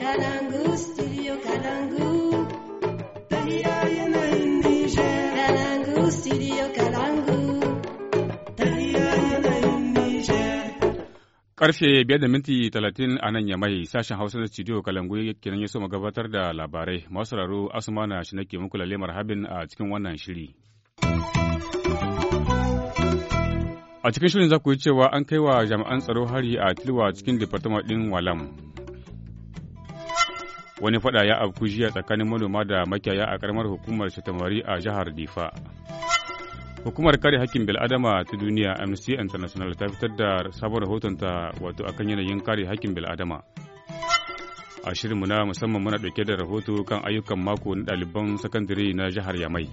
Kalangu, studio Kalangu. Karfe biyar da minti talatin a nan yamai sashen Hausa da studio Kalangu kenan ya so gabatar da labarai. Masu raro Asumana shi nake muku lalle marhabin a cikin wannan shiri. A cikin shirin za ku yi cewa an kai wa jami'an tsaro hari a Tilwa cikin Departement ɗin Walam. wani fada ya afku jiya tsakanin manoma da makiyaya a karamar hukumar shatamari a jihar difa hukumar kare hakkin bil'adama ta duniya amnesty international ta fitar da sabon ta wato akan yanayin kare hakkin bil'adama a shirin muna musamman muna ɗauke da rahoto kan ayyukan mako na ɗaliban sakandare na jihar yamai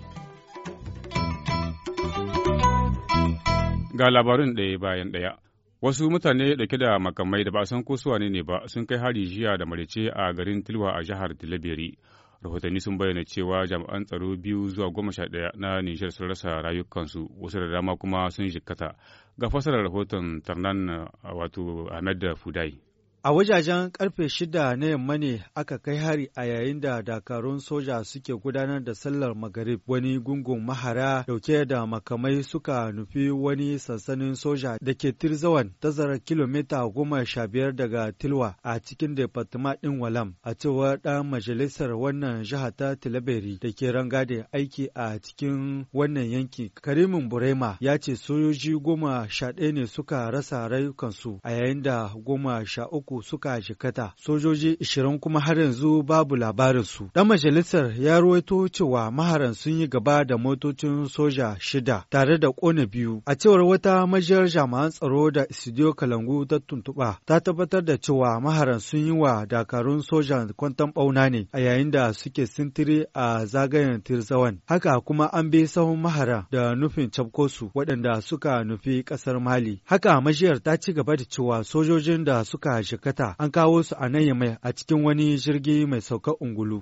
ga labarin ɗaya bayan ɗaya Wasu mutane ke da makamai da ba san ko su ne ba sun kai hari jiya da marice a garin Tilwa a jihar tilabiri Rahotanni sun bayyana cewa jami'an tsaro biyu zuwa goma sha ɗaya na Nijar sun rasa rayukansu, wasu da dama kuma sun jikkata. Ga fasarar rahoton Tarnan wato Ahmed Fudai. A wajajen karfe shida na yamma ne aka kai hari a yayin da dakarun soja suke gudanar da sallar magarib wani gungun mahara dauke da makamai suka nufi wani sansanin soja da ke Tirzawan tazarar kilomita goma sha biyar daga Tilwa a cikin departima ɗin Walam a cewar ɗan majalisar wannan jiha ta Tilaberi da ke rangade aiki a cikin wannan yanki. Karimin Burema ya ce sojoji goma sha ɗaya ne suka rasa rayukansu a yayin da goma sha uku suka jikata, sojoji ishirin kuma har yanzu babu labarinsu. Ɗan majalisar ya ruwaito cewa maharan sun yi gaba da motocin soja shida tare da ƙone biyu. A cewar wata majiyar jami'an tsaro da Isidiyo Kalangu ta tuntuɓa ta tabbatar da cewa maharan sun yi wa dakarun soja kwantan ɓauna ne a yayin da suke sintiri a zagayen Tirzawan. Haka kuma an bi sahun mahara da nufin cafkosu waɗanda suka nufi ƙasar Mali. Haka majiyar ta ci gaba da cewa sojojin da suka shiga jikkata an kawo su a nan mai a cikin wani jirgi mai saukar ungulu.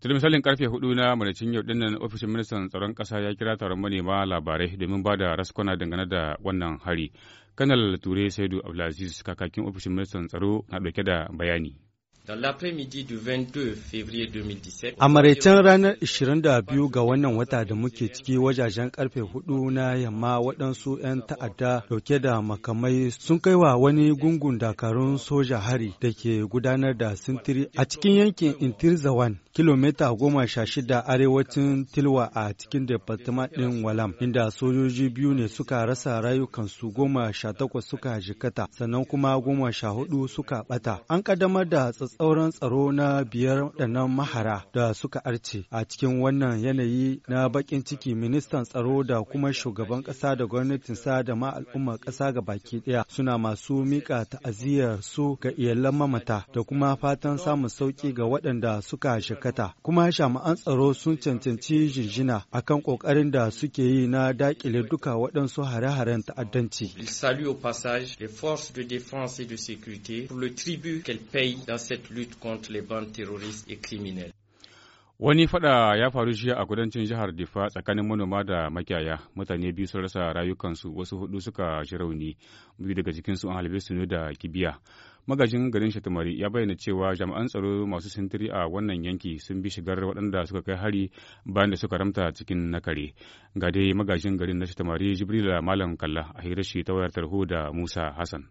Tun misalin karfe hudu na manacin yau dinnan ofishin ministan tsaron kasa ya kira taron manema labarai domin ba da raskwana dangane da wannan hari. Kanal Ture Saidu Abdulaziz kakakin ofishin ministan tsaro na dauke da bayani. A maraicen ranar 22 ga wannan wata da muke ciki wajajen karfe hudu na yamma waɗansu 'yan ta'adda dauke da makamai sun kai wa wani gungun dakarun soja hari da ke gudanar da sintiri a cikin yankin Intirzawan kilomita goma sha shida arewacin Tilwa a cikin departement ɗin Walam inda sojoji biyu ne suka rasa rayukansu goma sha takwas suka jikata sannan kuma goma sha hudu suka ɓata. An ƙaddamar da tsauran tsaro na biyar ɗanan mahara da suka arce a cikin wannan yanayi na bakin ciki ministan tsaro da kuma shugaban ƙasa da gwamnatinsa da ma al'ummar ƙasa ga baki ɗaya suna masu miƙa ta'aziyyar su ga iyalan mamata da kuma fatan samun sauki ga waɗanda suka shakata kuma jama'an tsaro sun cancanci jinjina akan ƙoƙarin da suke yi na daƙile duka waɗansu hare-haren ta'addanci. Il salue au passage les forces de défense et de sécurité pour le tribut qu'elles payent dans cette cette lutte contre les bandes terroristes et criminelles. Wani fada ya faru jiya a kudancin jihar Difa tsakanin manoma da makiyaya mutane biyu sun rasa rayukansu wasu hudu suka ji rauni biyu daga jikinsu an halbe su ne da kibiya. Magajin garin Shatumari ya bayyana cewa jami'an tsaro masu sintiri a wannan yanki sun bi shigar waɗanda suka kai hari bayan da suka ramta cikin nakare. Ga dai magajin garin na Shatumari jibril Malam Kalla a hirar shi ta wayar tarho da Musa Hassan.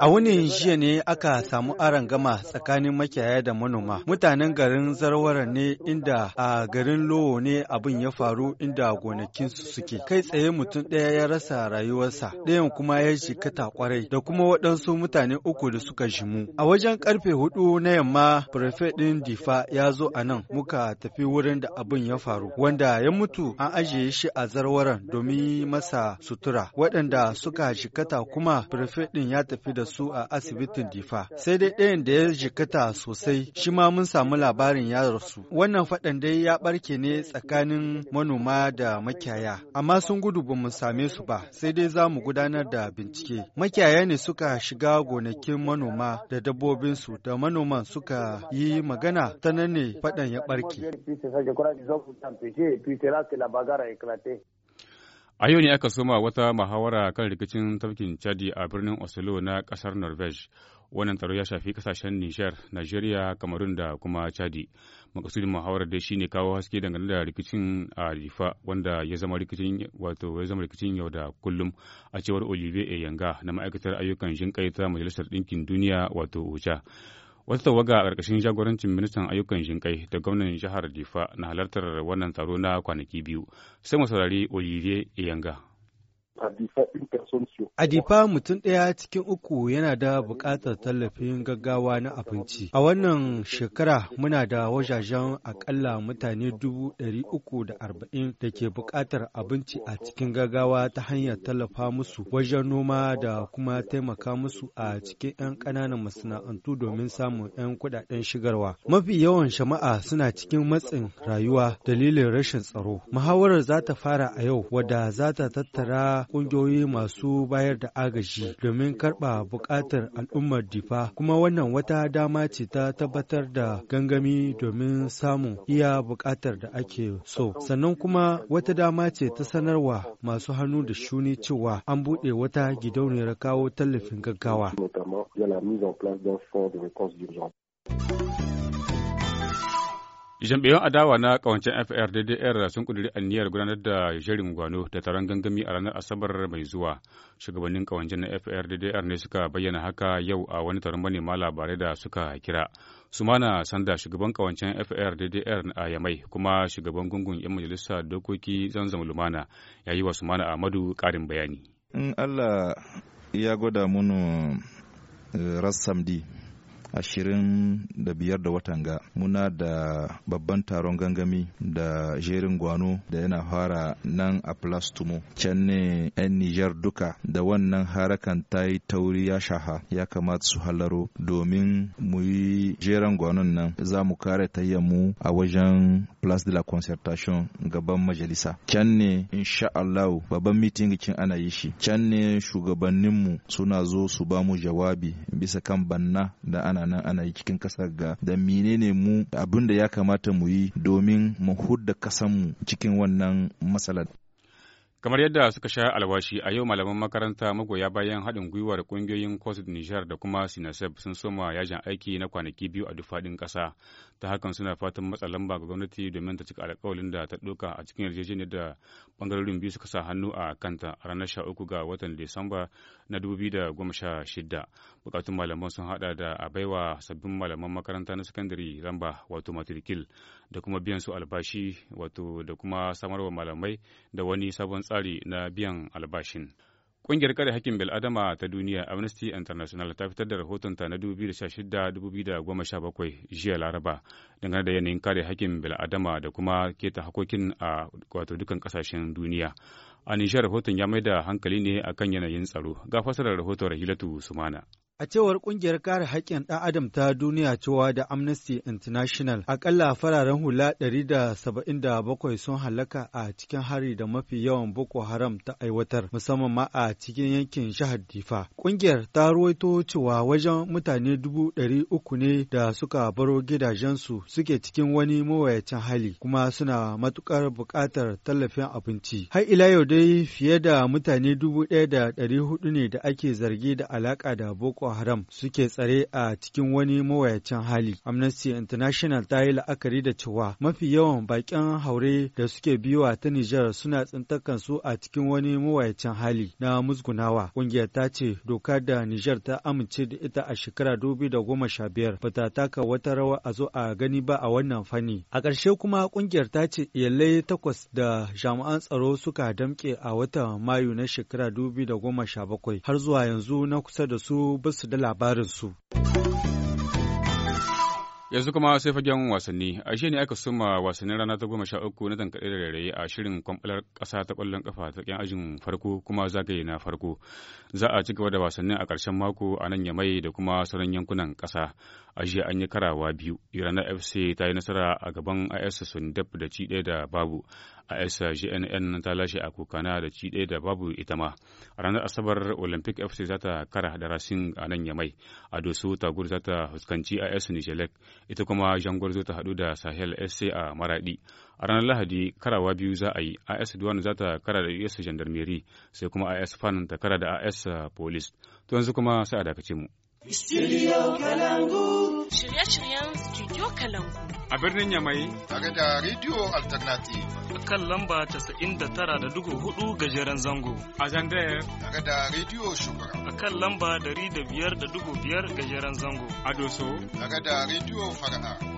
A wani jiya ne aka samu aron gama tsakanin makiyaya da manoma. Mutanen garin Zarwara ne inda a garin Lowo ne abin ya faru inda gonakinsu suke. Kai tsaye mutum ɗaya ya rasa rayuwarsa, ɗayan kuma ya jikata kwarai da kuma waɗansu mutane uku da suka jimu. A wajen karfe hudu na yamma, prefet ɗin Difa ya zo a nan muka tafi wurin da abin ya faru, wanda ya mutu an ajiye shi a Zarwaran domin masa sutura. Waɗanda suka jika jikata kuma prefet ɗin ya tafi da su a asibitin difa sai dai ɗayan da ya jikata sosai shi ma mun samu labarin ya rasu wannan faɗan dai ya barke ne tsakanin manoma da makiyaya amma sun gudu ba mu same su ba sai dai za mu gudanar da bincike makiyaya ne suka shiga gonakin manoma da dabbobinsu da manoman suka yi magana ta nan ne faɗan ya ɓarke A yau ne aka soma wata muhawara kan rikicin tafkin Chadi a birnin Oslo na ƙasar Norvege. Wannan tsaro ya shafi kasashen Nijar, Najeriya, Kamarun da kuma Chadi. Makasudin muhawarar dai shine kawo haske dangane da rikicin a Rifa wanda ya zama rikicin wato ya zama rikicin yau da kullum a cewar Olivier Eyanga na ma'aikatar ayyukan jinƙai ta Majalisar Ɗinkin Duniya wato OCHA. wasu tawaga a ƙarƙashin jagorancin ministan ayyukan jinƙai da gwamnan jihar Difa na halartar wannan taro na kwanaki biyu, sai mu saurari Olivier Iyanga. Adifa mutum ɗaya cikin uku yana da buƙatar tallafin gaggawa na abinci. A wannan shekara muna da wajajen akalla mutane dubu ɗari uku da arba'in da ke buƙatar abinci a cikin gaggawa ta hanyar tallafa musu wajen noma da kuma taimaka musu a cikin 'yan ƙananan masana'antu domin samun 'yan kuɗaɗen shigarwa. Mafi yawan shama'a suna cikin matsin rayuwa dalilin rashin tsaro. Muhawarar za ta fara a yau wadda za ta tattara ƙungiyoyi masu bayar da agaji domin karɓa buƙatar al'ummar difa kuma wannan wata dama ce ta tabbatar da gangami domin samun iya bukatar da ake so sannan kuma wata dama ce ta sanarwa masu hannu da shuni cewa an buɗe wata gidauniyar kawo tallafin gaggawa. Jam'iyyun adawa na kawancin FRDDR sun kuduri aniyar gudanar da shirin gwano da taron gangami a ranar Asabar mai zuwa. Shugabannin kawancin fr ne suka bayyana haka yau a wani taron manema labarai da suka kira. Sumana Sanda shugaban kawancen kawancin FRDDR a Yamai kuma shugaban gungun 'yan majalisa dokoki zanzan lumana ya yi wa Sumana Ahmadu karin bayani. In Allah ya gwada munu eh, rassamdi ashirin da biyar da watan ga muna da babban taron gangami da jerin gwano da yana fara nan a plastumo can ne 'yan nijar duka da wannan harakan ta yi tauri ya shaha ya kamata su halaro domin mu yi jerin gwanon nan za mu kare mu a wajen place de la concertation gaban majalisa can ne insha Allah babban mitin ana yi shi can ne shugabanninmu suna zo su ba mu jawabi bisa kan banna da ana ana nan ana yi cikin kasar ga da menene mu abin da ya kamata mu yi domin mu hudda kasanmu cikin wannan matsalar. Kamar yadda suka sha alwashi a yau malaman makaranta magoya bayan haɗin gwiwar ƙungiyoyin COSID Nijar da kuma Sinasef sun soma yajin aiki na kwanaki biyu a dufaɗin ƙasa. Ta hakan suna fatan matsa lamba ga gwamnati domin ta cika alƙawalin da ta ɗauka a cikin yarjejeniyar da ɓangarorin biyu suka sa hannu a kanta ranar sha uku ga watan Disamba na 2016 bukatun malaman sun hada da a baiwa sabbin malaman makaranta na sakandare lamba wato matrikil da kuma biyan su albashi wato da kuma samarwa malamai da wani sabon tsari na biyan albashin Ƙungiyar kare hakin bil'adama ta duniya Amnesty International ta fitar da rahoton ta na 2016-2017 jiya Laraba dangane da yanayin kare hakkin bil'adama da kuma keta hakokin a wato dukan ƙasashen duniya. A Nijar rahoton ya mai da hankali ne akan yanayin tsaro. Ga fasarar rahoton Rahilatu Sumana. A cewar ƙungiyar kare haƙƙin ɗan adam ta duniya cewa da Amnesty International, akalla fararen hula 177 sun halaka a cikin hari da mafi yawan Boko Haram ta aiwatar, musamman ma a cikin yankin Shahar Difa. Ƙungiyar ta ruwaito cewa wajen mutane dubu ɗari uku ne da suka baro gidajensu suke cikin wani mawayacin hali, kuma suna matuƙar buƙatar tallafin abinci. Har ila yau dai fiye da mutane dubu ɗaya da ɗari hudu ne da ake zargi da alaƙa da Boko Boko Haram suke tsare a cikin wani mawayacin hali. Amnesty International ta yi la'akari da cewa mafi yawan baƙin haure da suke biyowa ta Nijar suna tsintakan su a cikin wani mawayacin hali na musgunawa. Ƙungiyar ta ce doka da Nijar ta amince da ita a shekara biyar ba ta taka wata rawa a zo a gani ba a wannan fanni. A ƙarshe kuma ƙungiyar ta ce iyalai takwas da jami'an tsaro suka damƙe a watan Mayu na shekara bakwai har zuwa yanzu na kusa da su ba su da labarinsu. Yanzu kuma sai fagen wasanni, a ne aka suma wasannin rana ta goma sha uku na tankaɗe da rairaye a shirin kwamfalar ƙasa ta ƙwallon ƙafa ta ƙin ajin farko kuma zagaye na farko. Za a ci gaba da wasannin a ƙarshen mako a nan Yamai da kuma sauran yankunan ƙasa. A jiya an yi karawa biyu, Irana FC ta yi nasara a gaban IS Sundep da ci ɗaya da babu. AS GNN ta lashe a kokana da ci ɗaya da babu ita ma. ranar Asabar Olympic FC za ta kara da Racing a nan Yamai. A Doso Tagur za ta fuskanci s Nijelek. Ita kuma Jangwar zo ta haɗu da Sahel SC a maraɗi A ranar Lahadi karawa biyu za a yi. s Duwan za ta kara da US Gendarmerie sai kuma s Fan ta kara da AS Police. To yanzu kuma sai a dakace mu. Studio Kalangu. Kalangu. A birnin Yamai. Tare da Radio Alternative. A kan lamba 99.4 gajeren zango. A Zandaya. Tare da Radio Shugaba. A kan lamba 105.5 gajeren zango. A Doso. Tare da Radio Fara'a.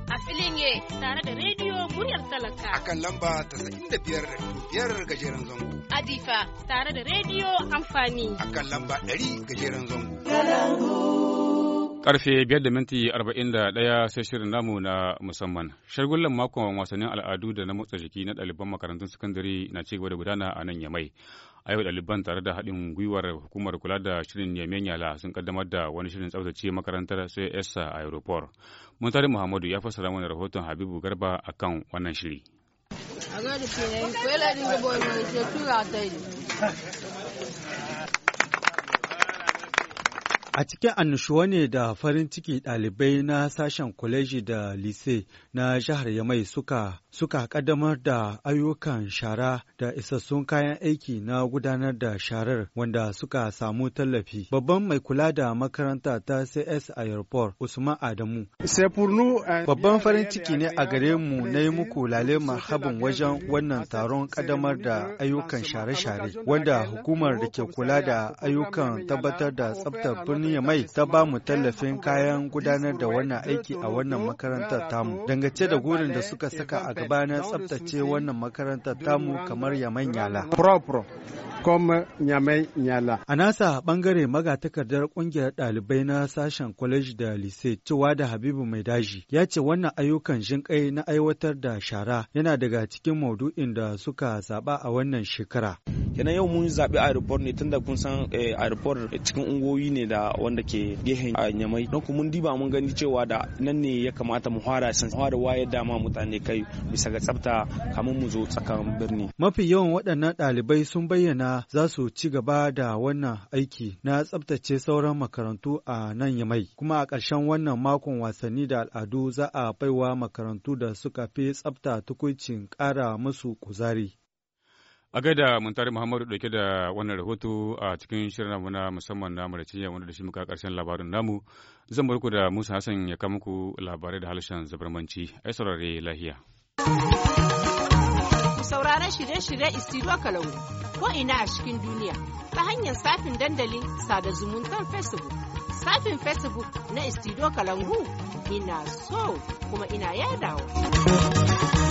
a filin ye tare da rediyo muryar talaka a kan lamba ta da biyar da biyar gajeren zango adifa tare da rediyo amfani a kan lamba ɗari gajeren zango Karfe biyar da minti arba'in da ɗaya sai shirin namu na musamman. Shagullan makon wasannin al'adu da na motsa jiki na ɗaliban makarantun sakandare na cigaba da gudana a nan Yamai. A yau ɗaliban tare da haɗin gwiwar hukumar kula da shirin Yamen Yala sun kaddamar da wani shirin tsaftace makarantar ESA a Aeroport. Muntari Muhammadu ya fassara mana rahoton Habibu Garba akan wannan shiri. Eh, A cikin annushuwa ne da farin ciki ɗalibai na sashen kwaleji da lise na jihar Yamai suka suka ƙaddamar da ayyukan shara da isassun kayan aiki na gudanar da sharar wanda suka samu tallafi. Babban mai kula da makaranta ta CS Airport Usman Adamu. Babban farin ciki ne a gare mu na yi muku lale mahabin wajen wannan taron kaddamar da ayyukan share-share wanda hukumar da ke kula da ayyukan tabbatar da tsabtar ya mai ta ba mu tallafin kayan gudanar da wannan aiki a wannan makarantar tamu. Dangace da gurin da suka saka a gaba na tsabtace wannan makarantar tamu kamar ya Nyala. A nasa bangare magatakardar kungiyar ɗalibai na sashen kwaleji da lise cewa da Habibu Mai Daji ya ce wannan ayyukan jinƙai na aiwatar da shara yana daga cikin maudu'in da suka zaɓa a wannan shekara. kenan yau mun zaɓi aeroport ne tun da kun san eh, aeroport cikin ungoyi ne da wanda ke gehen nyamai don kuma mun diba mun gani cewa da nan ne ya kamata mu fara san fara wayar da ma mutane kai bisa ga tsafta kamar mu zo tsakan birni mafi yawan waɗannan ɗalibai sun bayyana za su ci gaba da wannan aiki na tsaftace sauran makarantu a nan yamai kuma a ƙarshen wannan makon wasanni da al'adu za a baiwa makarantu da suka fi tsafta tukuncin ƙara musu kuzari A gaida Muntari Muhammadu dauke da wannan rahoto a cikin shirin namu na musamman namu da cinya wanda da shi muka karshen labarin namu zan barku da Musa Hassan ya kama muku labarai da harshen zabarmanci ai saurare lahiya. Ku saurara shirye-shirye Istiro Kalangu ko ina a cikin duniya ta hanyar safin dandalin sada zumuntar Facebook. Safin Facebook na Istiro Kalangu ina so kuma ina yadawa.